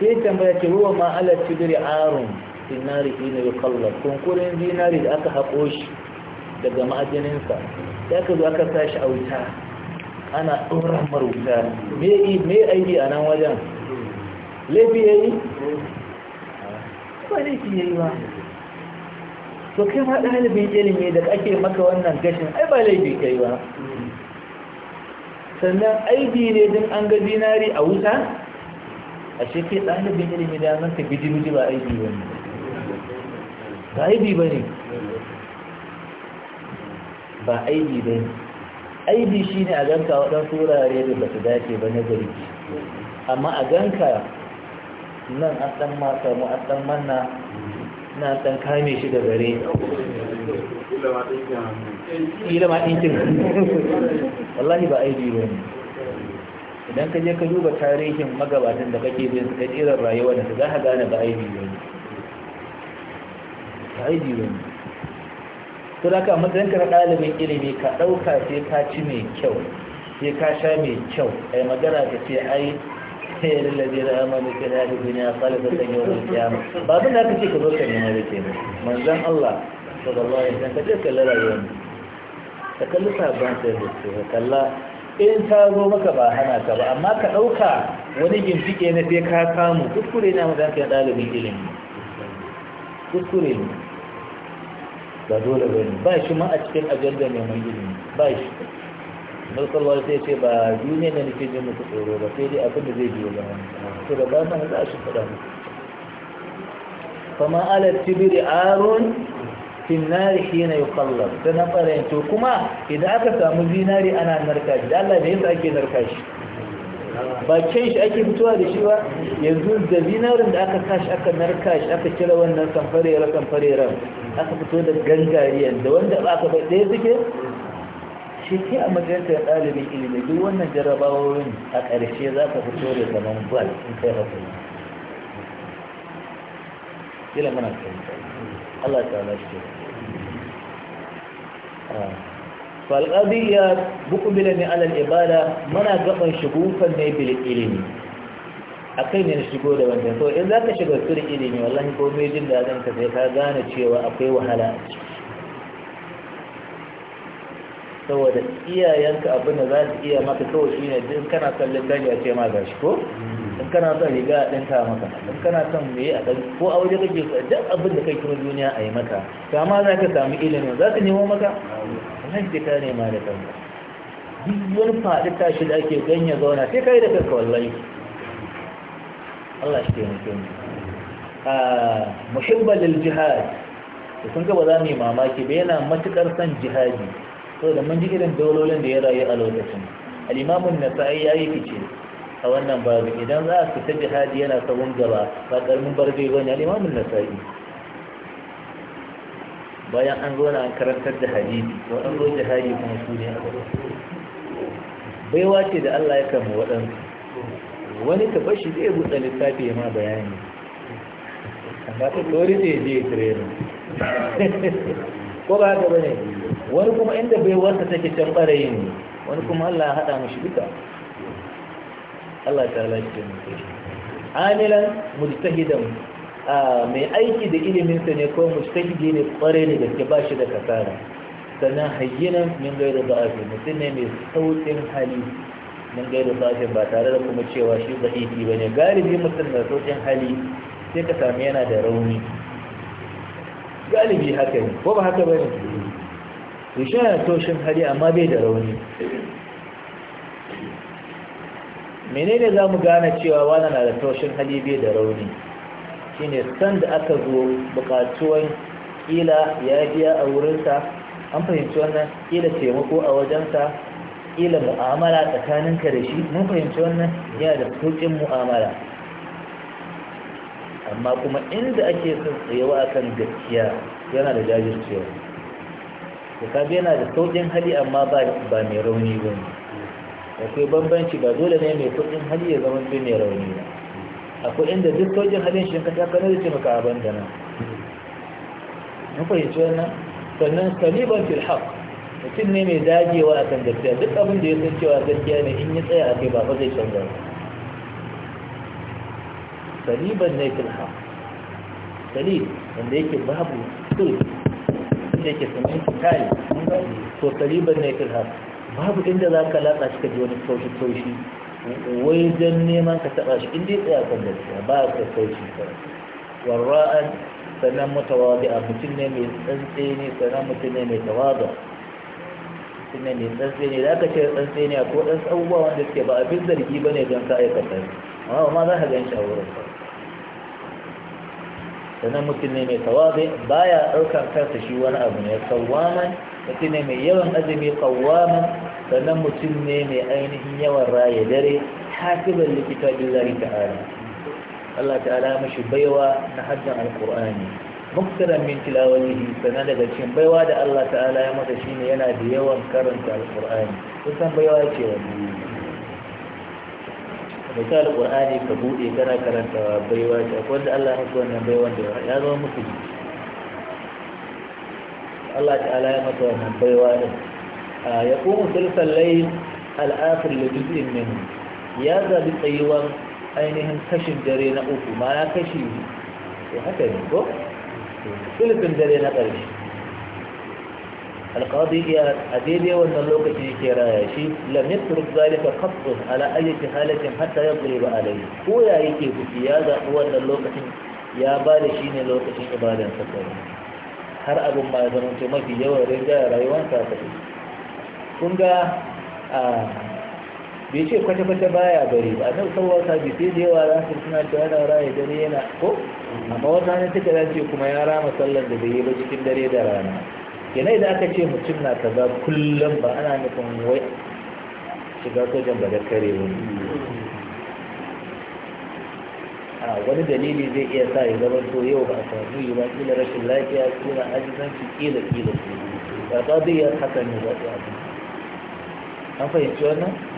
sai tambaya ce ruwa ma ala cidiri arun sinari ina yi kallar kunkurin zinari da aka haƙo shi daga ma'ajininsa ya ka zo aka sashi a wuta ana ɗoran marubuta me aiki a nan wajen laifi ya yi ba laifi ya yi ba to kai ma ɗalibin ilimi da ake maka wannan gashin ai ba laifi kai ba sannan aibi ne don an ga zinari a wuta a shekai ɗalibin ilimi da an ka biji-biji ba aibi ba ne ba aibi ba ne ba aibi ba ne aibi shi ne a ganka waɗansu wurare da ba su dace ba na gari amma a ganka nan an ɗan ma samu an ɗan manna na san kame shi da gare ƙila ma ɗinkin wallahi ba aiki ba ne idan ka je ka duba tarihin magabatan da kake bin su irin rayuwa da za ka gane ba aiki ba ne ba aiki ba ne to da ka mutan ka ɗalibin ilimi ka ɗauka sai ka ci mai kyau sai ka sha mai kyau ai magana ka ce ai ya lallabe da amanu ke da ya duniya salifatan yau da kiyama ba abin da aka ce ka zo ka nema da ke ne manzan Allah sallallahu alaihi wasallam ka je kalla rayuwar ka kalli sabon sai da su ka kalla in ta zo maka ba hana ka ba amma ka ɗauka wani gimfiƙe na sai ka samu kuskure na mazan ka ɗalibin ilimi kuskure ne ba dole ba ne ba shi ma a cikin ajandar neman ilimi ba shi mulkarwa sai ce ba duniya ne nake jin muku tsoro ba sai dai abin da zai biyo ba to da ba za a shi faɗa muku fama ala tibiri aron finnari shi na yi kallar ta na ɓarayin to kuma idan aka samu zinari ana narka shi da Allah yadda ake narka shi ba can shi ake fitowa da shi ba yanzu da zinarin da aka kashi aka narka shi aka kira wannan samfarera samfarera aka fito da gangariyan da wanda aka bai ɗaya suke ashe sai a magarta ɗalibin ilimi duk wannan jarabawoyin a ƙarshe za ka fito da zaman bal in kai hakuri kila muna kai Allah ta ah. ala shi falqadiyya bukubila ne alal ibada mana gaban shugufan ne bil ilimi a akai ne shigo da wanda to in zaka shiga sirri ilimi wallahi ko bai jin da zan ka sai ka gane cewa akwai wahala a ciki saboda iyayenka abin da za su iya maka kawai shi ne duk kana son littafi a ce ma ga shi ko in kana son riga a ɗinka maka in kana son me a ɗan ko a waje kake so duk abin da kai kuma duniya a yi maka kama za ka samu ilimi, za ka nemo maka nan ce ka nema da kanka duk wani faɗi tashi da ake ganye zauna sai ka yi da kanka wallahi Allah shi ke mutum a muhimmalin jihad da kun ga ba za mu yi mamaki ba yana matuƙar son jihadi saboda mun ji irin daulolin da ya rayu a lokacin al'imamun nasa'i ya yi fice a wannan babu idan za a fita jihadi yana sabon gaba ba karmin barbe ba ne na nasa'i bayan an zo na an karantar da hadisi to an zo jihadi kuma su ne a gaba baiwa ce da Allah ya kama waɗansu wani ta bashi zai buɗe lissafi ya ma bayani amma ta tori ne je training [laughs] ko ba haka bane wani kuma inda bai wasa take can barayin wani kuma Allah ya hada mishi duka Allah ta lafi da mutum amilan mujtahidan mai aiki da ilimin sa ne ko mujtahidi ne kware ne gaske ba shi da kasara sannan hayyinan min gairu da'afi mutum ne mai sautin hali min gairu da'afi ba tare da kuma cewa shi da'ifi bane galibi mutum da sautin hali sai ka sami yana da rauni galibi haka ne ko ba haka ba ne ya sha toshin hali amma bai da rauni menene za mu gane cewa wani na da toshin hali bai da rauni ne san da aka zo bukatuwan kila ya biya a wurinsa an fahimci wannan kila taimako a wajensa kila mu'amala tsakaninka da shi mun fahimci wannan yana da tukin mu'amala amma kuma inda ake son tsayewa kan gaskiya yana da jajircewa da kaga yana da sauƙin hali amma ba mai rauni ba ne akwai bambanci ba dole ne mai sauƙin hali ya zama fi mai rauni ba akwai inda duk sauƙin halin shi kasa taka na zai maka abin da nan mun fahimci wannan sannan saliban fil haq mutum ne mai dagewa akan gaskiya duk abin da ya san cewa gaskiya ne in ya tsaya a kai ba fa zai canza ba سليما نيك الحق سليم نيك الذهب كل نيك سمين كاي سو سليما نيك الحق باب عند ذاك لا تشك جون توشي توشي ويزن نيما كتباش اندي تيا إيه كندس باب كتوشي وراء سنم متواضع متنة من أنسيني سنم متنة من تواضع تنني نزلني لا تكر أنسيني أكو أس أول وانجز كبا أبل ذلك يبني جنسائي كتب آه، ما ماذا هذا إن شاء الله sannan mutum ne mai tawazi baya ɗaukar kansa shi wani abu ne kawaman mutum ne mai yawan azumi kawaman sannan mutum ne mai ainihin yawan raya dare hasiban likita billahi ta'ala Allah ta'ala mashi baiwa na hajjan alqur'ani muktaran min tilawatihi sannan daga cikin baiwa da Allah ta'ala ya masa shine yana da yawan karanta alqur'ani kusan baiwa ce wani mai sa alƙur'ani ka buɗe kana karanta baiwa ta wanda Allah ya wannan baiwa da ya zama musu jiki Allah ta'ala ya mata wannan baiwa din ya kuma sulfan layin al'afir da juz'in min ya zabi tsayuwar ainihin kashin dare na uku ma ya kashi to haka ne ko sulfin dare na ƙarshe alƙadi iya a daidai wannan lokaci ke raya shi lam yatruk zalika qattu ala ayyati halatin hatta yadriba alayhi ko ya ke fushi ya zaɓi wannan lokacin ya ba da shi ne lokacin ibadan sa har abin ma zama to mafi yawan rinjaya rayuwar sa ta kun ga bai ce kwata-kwata baya bari ba nan sauwa ta bi sai da yawa za su suna ta yana raya dare yana ko amma wata hannun suka dace kuma ya rama sallar da bai yi ba cikin dare da rana Yanayi da aka ce mutum na za kullum ba ana nufin wai shiga sojan ba da kare wani a wani dalili zai iya sa ya zama so yau ba a samu yi ba kila rashin lafiya kila ajizanci kila kila ba ba zai yi hakan ne ba an fahimci wannan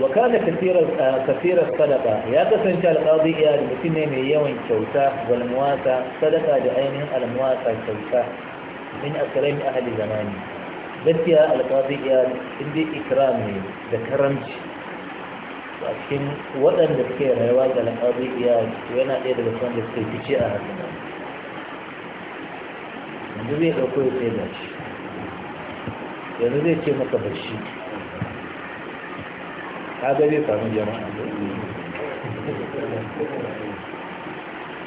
وكان كثير آه، كثير الصدقة يأتس إن القضيه القاضي يا المسنة يوين شوتا والمواتا صدقة لعينه المواتا شوتا من أكرم أهل زمان بس يا القاضي يا عندي إكرامي ذكرمش لكن وأن ذكر هواك القاضي يا وأنا إذا إيه لسان لسي تشيء أهل زمان من دبي أقول سيداش إيه يا دبي تشيء مكبرشي هذا ليس من جماعة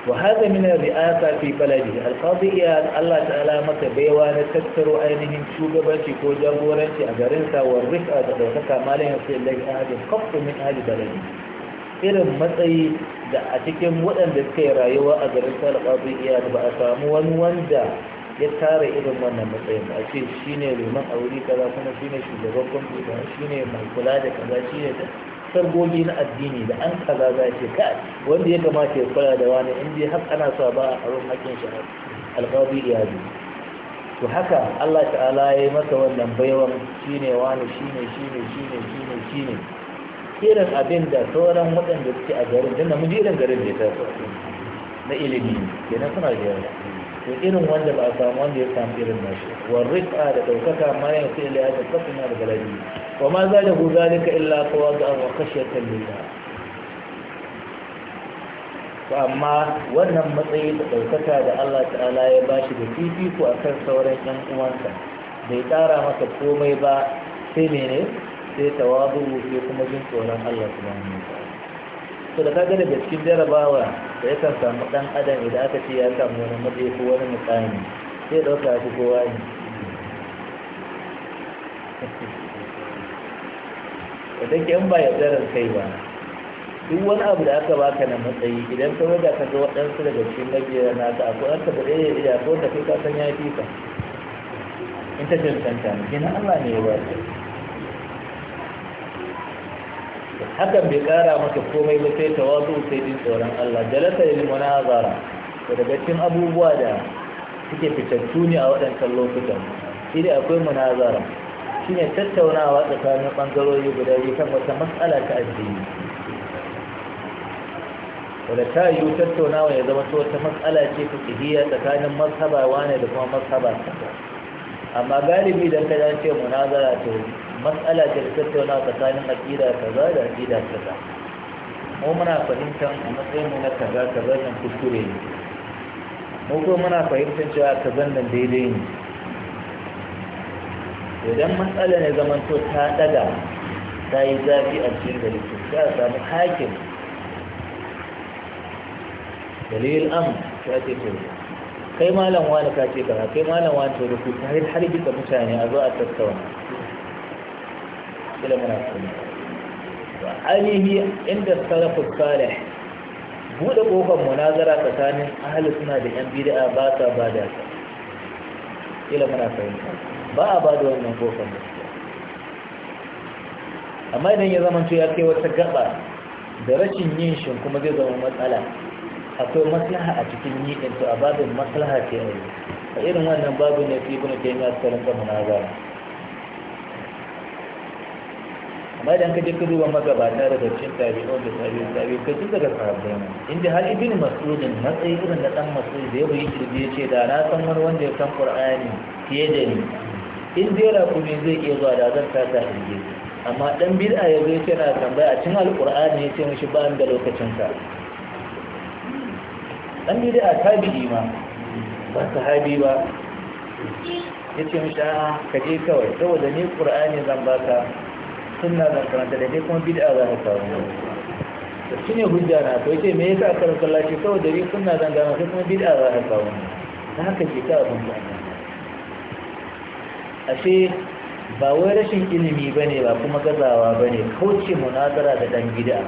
وهذا من الرئاسة في بلده القاضي إياد الله تعالى مكة بيوانا تكثر أينهم شوقبانشي كوجابورانشي أجرنسا والرفقة تدوتك مالين في الله أهل الخف من أهل بلده irin matsayi da وأن cikin waɗanda أجرنسا القاضي إياد a garin talqazi ya tara irin wannan matsayin a ce shi ne liman a wuri kaza kuma shi ne shugaban kwamfuta shi ne mai kula da kaza shi ne sargogi na addini da an kaza za ce kai wanda ya kamata ya kula da wani in dai haka ana sa ba a harin hakin shi alƙawari iyali to haka Allah ta'ala ya yi masa wannan baiwan shi ne wani shi ne shi ne shi ne shi ne shi ne irin abin da sauran waɗanda suke a garin dan namiji irin garin da ya taso na ilimi kenan suna da yawa to irin wanda ba a samu wanda ya samu irin nashi wa rif'a da daukaka ma ya fi ila ta na da galabi wa ma za da hu zalika illa kawa da wa kashiyatan lila to amma wannan matsayi da daukaka da Allah ta'ala ya bashi da fifiko a kan sauran yan uwansa bai tsara masa komai ba sai mene sai tawadu sai kuma jin tsoron Allah subhanahu wa ta'ala to da kaga da cikin jarabawa da kan samu dan adam idan aka ce ya samu wani matsayi ko wani mutane sai ɗauka shi ko kowa ne idan ke ba ya zarar kai ba duk wani abu da aka baka na matsayi idan ka raga ka ga waɗansu daga cikin gajiyar na ta akwai an taɓa ɗaya ya ko ta kai ka san ya fi ka in ta cancanta ne na Allah ne ya ba hakan bai kara maka komai ba sai tawazu sai din tsoron Allah jalasa lil munazara to daga cikin abubuwa da suke fitattu ne a waɗancan lokutan shi ne akwai munazara ne tattaunawa tsakanin bangarori guda biyu kan wata matsala ta addini wanda ta yi tattaunawa ya zama wata matsala ce ta fikihiyya tsakanin mazhaba wane da kuma mazhaba amma galibi idan ka dace munazara to matsala ce da tattauna tsakanin aƙida kaza da aƙida kaza mu muna fahimtar a matsayin mu na kaza kaza nan kuskure ne mu ko muna fahimtar cewa kaza nan daidai ne idan matsala ne zaman to ta daga ta yi zafi a cikin gari to za a samu hakim dalil am ta ce to kai malam wani ka ce kaza kai malam wani to da ku har gitsa mutane a zo a tattauna kila ainihi inda salafus salih buɗe ƙofar munazara tsakanin ahli suna da yan bid'a ba sa ba da ta kila muna ba a ba da wannan gaskiya amma idan ya zama ya kai wata gaba da rashin yin shi kuma zai zama matsala akwai maslaha a cikin yi to a babin maslaha ke a a irin wannan babu ne fi ibn taymiyyah sallallahu alaihi munazara. amma idan ka je ka duba magabata daga cikin tabi'un da tabi'un tabi'un ka tun daga sahabbai ne inda har ibn mas'udin matsayi irin na dan mas'ud da ya bayi jirgi ya ce da na san wani wanda ya san qur'ani fiye da ni in dai ne zai iya zuwa da zan ta ta hirge amma dan bid'a ya zo yace na tambaya a cikin alqur'ani yace mishi ba da lokacin ka dan bid'a tabi'i ma ba sahabi ba yace mishi a ka je kawai saboda ni qur'ani zan baka suna da karanta da kuma bid'a za ta kawo da su ne hujja na to yace mai yasa aka karanta lafi kawai da rikun na zan gano sai kuma bid'a za ta kawo ta haka ke ta abin da ashe ba wai rashin ilimi ba ne ba kuma gazawa ba ne kauce munazara da dan bid'a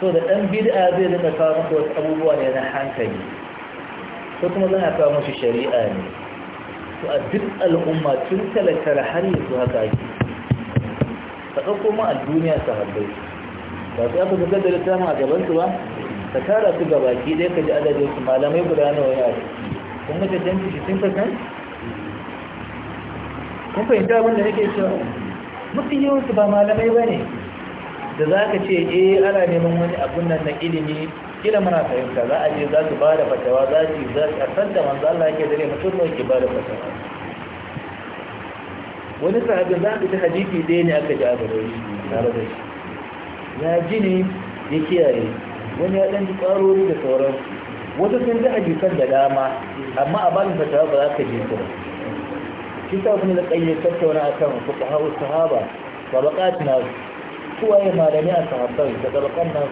so da dan bid'a zai rika kawo maka wasu abubuwa ne na hankali ko kuma za a kawo mashi shari'a ne to a duk al'umma tun talakar har yanzu haka ake ka ɗauko ma a duniya sahabbai ba sai aka fitar da littafin a gaban su ba ka tara su gaba ki dai ka ji adadin su malamai guda nawa ya ce kun mutu dan ciki sun kan kun fahimta abin da nake cewa mafi su ba malamai ba ne da za ka ce eh ana neman wani abun nan na ilimi kila muna fahimta za a je za su ba da fatawa za su yi za su a sanda manzo Allah yake dare mutum ne ke ba da fatawa wani sahabin za a fita hadithi ɗaya ne aka ji gaba tare da shi ya ji ne ya kiyaye wani ya ɗan ji ƙarori da sauran wata sun ji hadisan da dama amma a bani fatawa ba za ka je su ba shi sa kuma da ƙayyar tattauna a kan su ƙahawar sahaba ba baƙat na suwaye malami a sahabar da ƙarƙan nan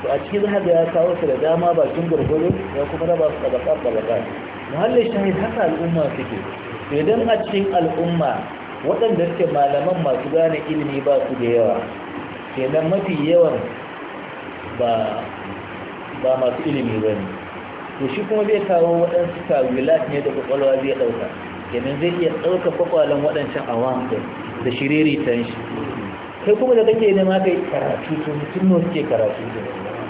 su a cikin zahabi ya kawo su da dama bakin gurgurdu ya kuma raba su da baƙat da baƙat muhallin shahid haka al'umma suke idan a cikin al'umma waɗanda suke malaman masu gane ilimi ba su da yawa kenan mafi yawan ba ba masu ilimi ba ne to shi kuma zai kawo waɗansu tawilat ne da kwakwalwa zai ɗauka kenan zai iya ɗauka kwakwalon waɗancan awam da shiriri tan shi kai kuma da kake nema kai karatu to mutum ne suke karatu da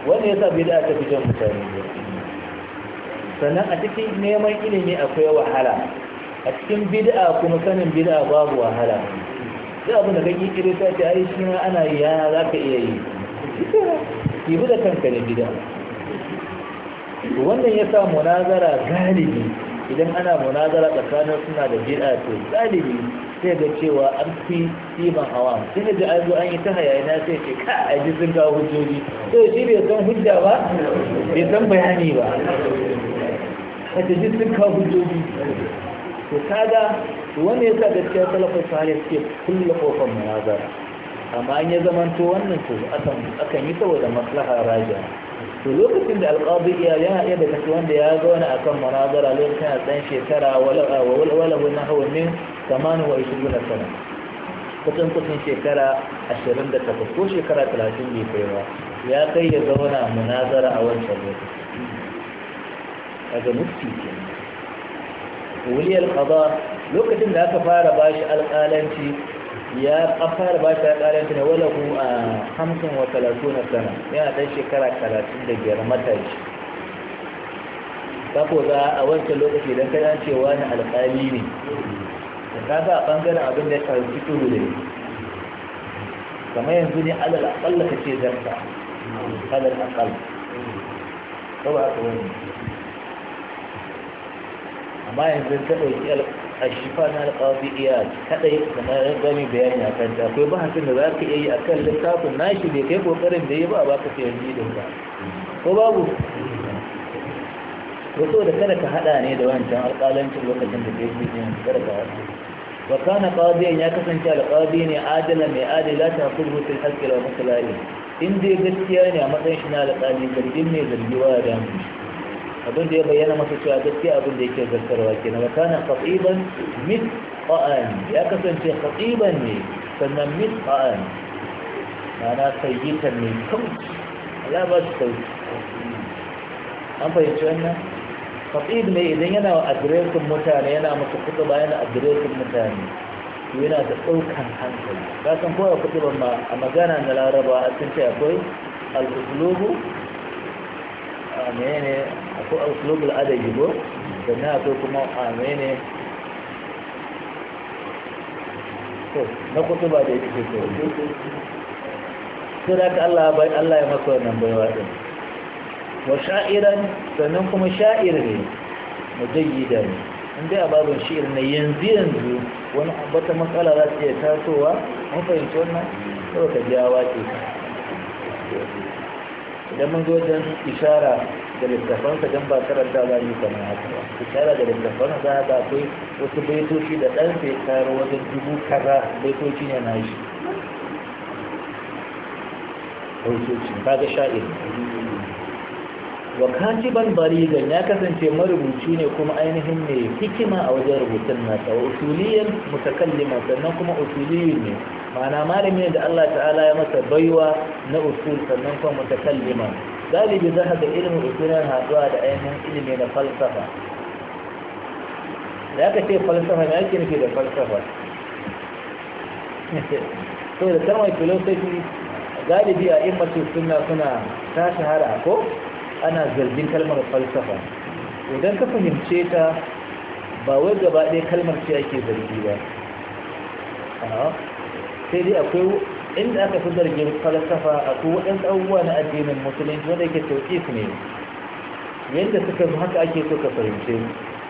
Wani ya sa bai da aka fi jan mutane sannan a cikin neman ilimi akwai wahala a cikin bid'a kuma sanin bid'a babu wahala sai abin da kake kire ta ce ai shi ana yi ya za ka iya yi ki bi da kanka ne bid'a wannan ya sa munazara galibi idan ana munazara tsakanin suna da bid'a to galibi sai ga cewa an fi iman hawa sai da an an yi ta hayana sai ce ka a ji sun kawo hujjoji sai shi bai san hujja ba bai san bayani ba ka ji sun kawo hujjoji to kaga wanda yasa gaskiya salafin salih suke kulle kofar munazara amma an ya zamanto wannan to akan yi saboda maslaha raja to lokacin da alqadi iya yana iya daga cikin wanda ya zauna akan munazara lokacin a tsan shekara wala wala wala hawa min 28 sana kusan kusan shekara 28 ko shekara 30 bai kai ba ya kai ya zauna munazara a wancan lokaci daga mufti ke wuliyar qada lokacin da aka fara bashi alƙalanci ya fara bashi alƙalanci ne walahu a hamsin wa 35 sana yana dan shekara talatin da 35 matashi za a wancan lokaci dan kana cewa ni alƙali ne kaga a bangaren abin da ya karfi tuhu ne kamar yanzu ne alal akalla kace zarta alal akalla saboda haka wani amma yanzu ka ɗauki ashifa na alƙawabi iya kaɗai kamar ya gami bayani a kanta akwai bahasin da za ka iya yi a kan littafin shi bai kai ƙoƙarin da ya ba ba ka sayar da ba ko babu wato da kada ka haɗa ne da wancan alƙalancin lokacin da kai jidin kada ka wasu wa kana qadiyan ya kasance alqadi ne adala mai adala ta kullu fil haqqi wa mutlaqi in dai gaskiya ne a matsayin shi na alƙali zargin ne zargiwa da mu abin da ya bayyana masa cewa gaskiya abin da yake zartarwa ke na wakana mit mitqan ya kasance khatiban ne sannan mit mitqan ma'ana sayyitan ne kauci Allah ba su kauci an fahimci wannan khatib ne idan yana wa adiresin mutane yana masa kutuba yana adiresin mutane to yana da ɗaukan hankali san kowa kutuban ma a magana na laraba a sun akwai al-uslubu ko akwai uslubul adabi ko sannan akwai kuma a menene to na ba da yake to sai da Allah bai Allah ya maka wannan baiwa din wa sha'iran sannan kuma sha'ir ne mujayyidan ne inda a babin shi'ir ne yanzu yanzu wani wata matsala za ta iya tasowa mun fahimci wannan saboda jawa ce idan mun zo wajen ishara da littafansa don ba karar za zai kamar haka ba ishara da littafan za ga kai wasu baitoci da dan sai karo wajen dubu kaza baitoci ne na shi baitoci ba ga sha'ir wa katiban ya kasance marubuci ne kuma ainihin ne hikima a wajen rubutun nasa ta usuliyan mutakalliman sannan kuma usuliyin ne ma'ana malamin da Allah ta'ala ya masa baiwa na usul sannan kuma mutakallima galibi za ga ilimin usulun haɗuwa da ainihin ilimi na falsafa da aka ce falsafa ne ake nufi da falsafa so [laughs] da kalmar philosophy galibi a immatu suna suna ta shahara ko ana zargin kalmar falsafa idan ka fahimce ta ba wai gaba ɗaya kalmar ce ake zargi ba sai dai akwai inda aka fi zargin falsafa akwai waɗansu abubuwa na addinin musulunci wanda yake tauki su ne yadda suka zo haka ake so ka fahimce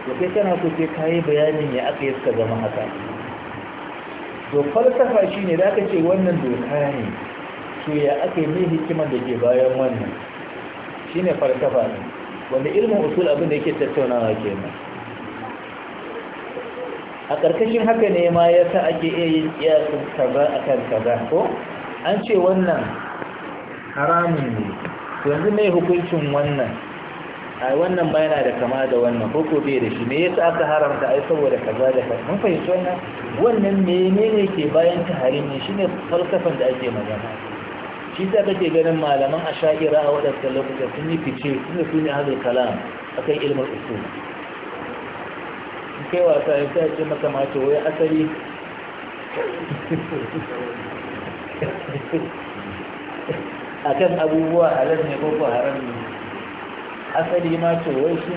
da kai kana so sai ka yi bayanin ya aka yi suka zama haka to falasafa shi ne da aka ce wannan doka ne to ya aka yi mai hikimar da ke bayan wannan shi ne falasafa ne wanda ilmin usul abin da yake tattaunawa kenan a ƙarƙashin haka ne ma ya sa ake iya yin iyasin kaza a kan kaza ko an ce wannan haramun ne yanzu mai hukuncin wannan a wannan ba yana da kama da wannan ko bai da shi ne ya sa aka haramta ai saboda kaza da kaza mun fahimci wannan wannan menene ke bayan ta harin Shi shine falsafan da ake magana shi sa kake ganin malaman a sha'ira a waɗanda lokacin sun yi fice sun su ne hazal kalam akan ilmin usul kai wasa ya sa ce maka mace wai asali a kan abubuwa halar ne ko haram ne asali ma ce wai shi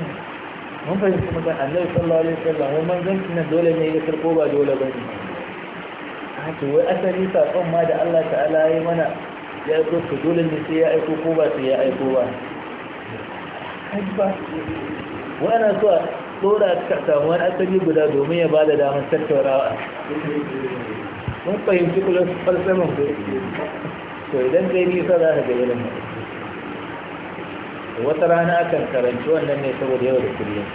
mun fahimci maka annabi sallallahu alaihi wasallam wai manzanci na dole ne ya karko ba dole ba ne a ce wai asali saƙon ma da Allah ta'ala ya mana ya aiko ka dole ne sai ya aiko ko ba sai ya aiko ba wani so dora samuwar asali guda domin ya bada damar tattaurawa mun fahimci kula falsafan ku to idan kai nisa za ka ga ilimin wata rana akan karanci wannan ne saboda yau da kullum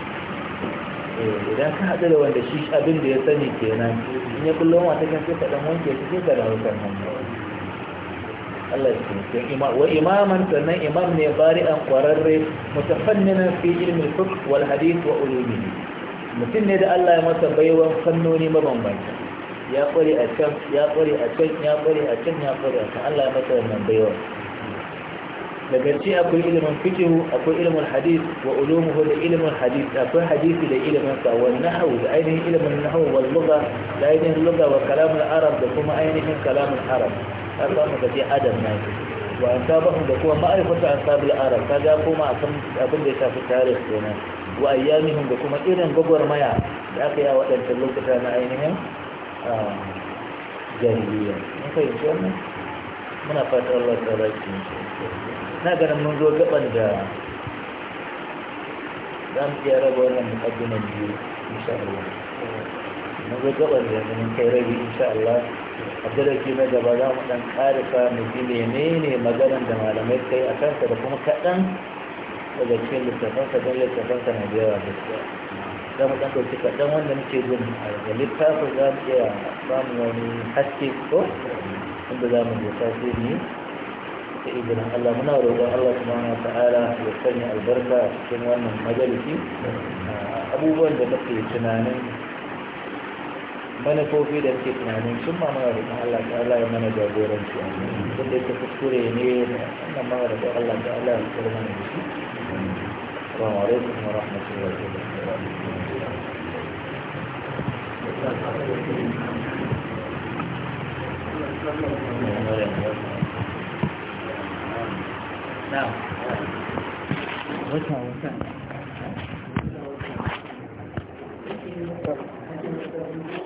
eh, idan ka haɗu da wanda shi abin da ya sani kenan in ya kullum wata kan sai ka ɗan wanke shi sai ka dawo kan hannu Allah ya tunce ima wa imaman sannan imam ne bari'an kwararre mutafanninan fi ilmi fiqh wal hadith wa ulumihi mutum ne da Allah ya masa baiwan fannoni mabambanta ya kware a can ya kware a can ya kware a can ya kware a can Allah ya masa wannan baiwa daga ci akwai ilimin fiqh akwai ilmin hadith wa ulumuhu da ilmin hadith akwai hadisi da ilimin sa wa nahwu da ainihin ilimin nahwu wal lugha da ainihin lugha wa kalamul arab da kuma ainihin kalamul arab har za mu adam na shi wa an da kuma ma'aikata an sabu arab ta ga koma a kan abin da ya shafi tarihi kenan wa ayyamihim da kuma irin maya da aka yi a waɗancan lokuta na ainihin jahiliya mun fahimci wannan muna fata Allah ta raki na ganin mun zo gaban da za mu iya raba wannan muƙaddiman biyu insha Allah mun zo gaban da mun kai rabi insha Allah a darasi na gaba za mu ɗan ƙarisa mu ji menene maganar da malamai kai a kanta da kuma kaɗan daga cikin littafansa don littafansa na da yawa gaskiya za mu ɗan ɗauki kaɗan wanda muke jin a littafin za mu iya samun wani haske ko inda za mu je tasiri ta izinin Allah muna roƙon Allah subhanahu wa ta'ala ya sanya albarka cikin wannan majalisi abubuwan da muke tunanin manufofi da suke tunanin sun ma mara da Allah ta Allah ya mana jagoranci sun da yake kuskure ne wannan mara da Allah ta Allah ya mana da shi assalamu alaikum wa rahmatullahi wa barakatuh Now,